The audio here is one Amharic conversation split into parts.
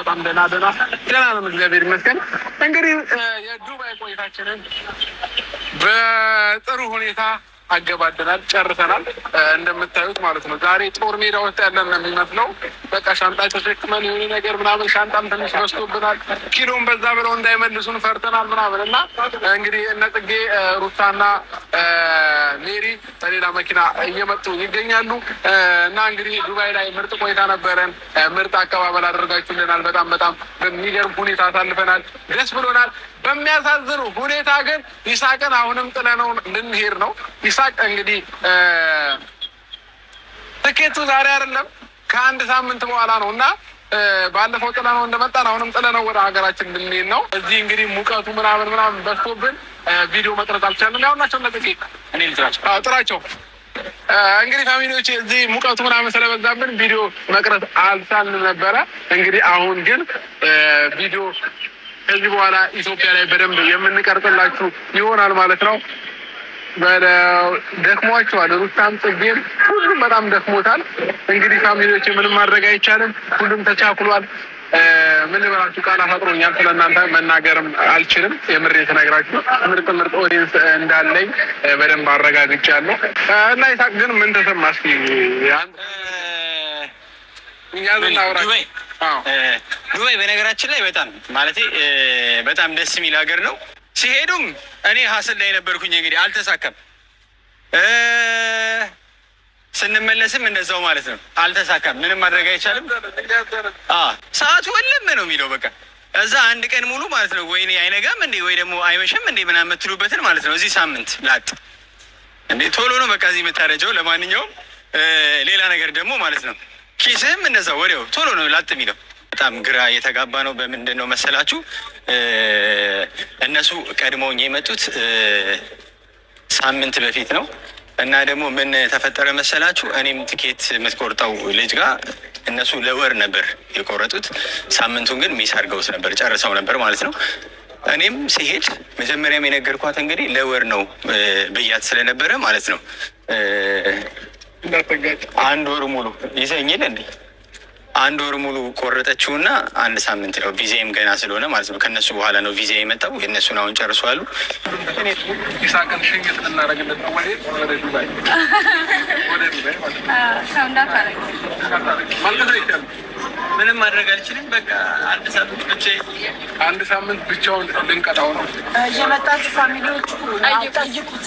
በጣም ደህና ደህና ደህና ነው፣ እግዚአብሔር ይመስገን። እንግዲህ የዱባይ ቆይታችንን በጥሩ ሁኔታ አገባደናል፣ ጨርሰናል። እንደምታዩት ማለት ነው። ዛሬ ጦር ሜዳ ውስጥ ያለን ነው የሚመስለው። በቃ ሻንጣ ተሸክመን የሆነ ነገር ምናምን፣ ሻንጣም ትንሽ በዝቶብናል። ኪሎም በዛ ብለው እንዳይመልሱን ፈርተናል ምናምን እና እንግዲህ እነ ጽጌ ሩታና ሜሪ በሌላ መኪና እየመጡ ይገኛሉ እና እንግዲህ ዱባይ ላይ ምርጥ ቆይታ ነበረን። ምርጥ አቀባበል አድርጋችሁልናል። በጣም በጣም በሚገርም ሁኔታ አሳልፈናል። ደስ ብሎናል። በሚያሳዝኑ ሁኔታ ግን ይሳቅን አሁንም ጥለነው ልንሄድ ነው። ይሳቅ እንግዲህ ትኬቱ ዛሬ አይደለም ከአንድ ሳምንት በኋላ ነው እና ባለፈው ጥለ ነው እንደመጣን አሁንም ጥለ ነው ወደ ሀገራችን እንድንሄድ ነው። እዚህ እንግዲህ ሙቀቱ ምናምን ምናምን በዝቶብን ቪዲዮ መቅረጽ አልቻልንም። ያው ናቸው ነጠቂ ጥራቸው እንግዲህ ፋሚሊዎች እዚህ ሙቀቱ ምናምን ስለበዛብን ቪዲዮ መቅረጽ አልቻልንም ነበረ። እንግዲህ አሁን ግን ቪዲዮ ከዚህ በኋላ ኢትዮጵያ ላይ በደንብ የምንቀርጽላችሁ ይሆናል ማለት ነው። ደክሟቸዋል። ሩታም ጽጌም ሁሉም በጣም ደክሞታል። እንግዲህ ፋሚሊዎች ምንም ማድረግ አይቻልም። ሁሉም ተቻኩሏል። ምን ልበላችሁ፣ ቃል አፈጥሮኛል። ስለ እናንተ መናገርም አልችልም። የምር የተነግራችሁ ምርጥ ምርጥ ኦዲንስ እንዳለኝ በደንብ አረጋግጫለሁ። እና ይሳቅ ግን ምን ተሰማ እስኪ ዱባይ በነገራችን ላይ በጣም ማለት በጣም ደስ የሚል ሀገር ነው። ሲሄዱም እኔ ሀስል ላይ ነበርኩኝ። እንግዲህ አልተሳካም። ስንመለስም እንደዛው ማለት ነው። አልተሳካም። ምንም ማድረግ አይቻልም። ሰዓቱ እልም ነው የሚለው በቃ እዛ አንድ ቀን ሙሉ ማለት ነው። ወይኔ አይነጋም እንዴ ወይ ደግሞ አይመሸም እንዴ ምናምን የምትሉበትን ማለት ነው። እዚህ ሳምንት ላጥ እንዴ ቶሎ ነው በቃ እዚህ የምታረጀው። ለማንኛውም ሌላ ነገር ደግሞ ማለት ነው ኪስህም እንደዛ ወዲያው ቶሎ ነው ላጥ የሚለው በጣም ግራ የተጋባ ነው። በምንድን ነው መሰላችሁ እነሱ ቀድመውኝ የመጡት ሳምንት በፊት ነው እና ደግሞ ምን ተፈጠረ መሰላችሁ እኔም ትኬት የምትቆርጠው ልጅ ጋር እነሱ ለወር ነበር የቆረጡት። ሳምንቱን ግን ሚስ አድርገውት ነበር ጨርሰው ነበር ማለት ነው። እኔም ሲሄድ መጀመሪያም የነገርኳት እንግዲህ ለወር ነው ብያት ስለነበረ ማለት ነው አንድ ወር ሙሉ ይዘኝል እንዴ አንድ ወር ሙሉ ቆረጠችውና አንድ ሳምንት ነው ቪዜም ገና ስለሆነ ማለት ነው። ከነሱ በኋላ ነው ቪዜ የመጣው። የእነሱን አሁን ጨርሶ አሉ። ምንም ማድረግ አልችልም። በቃ አንድ ሳምንት ብቻ አንድ ሳምንት ብቻውን ልንቀጣው ነው። እየመጣችሁ ፋሚሊዎቹ ጠይቁት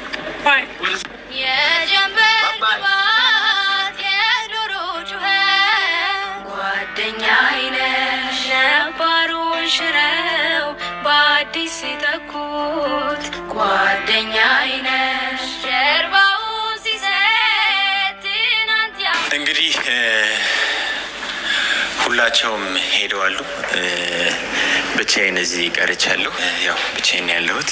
ሽረው በአዲስ ሲተኩት ጓደኛ እንግዲህ ሁላቸውም ሄደዋሉ። ብቻዬን እዚህ ቀርቻለሁ። ያው ብቻዬን ያለሁት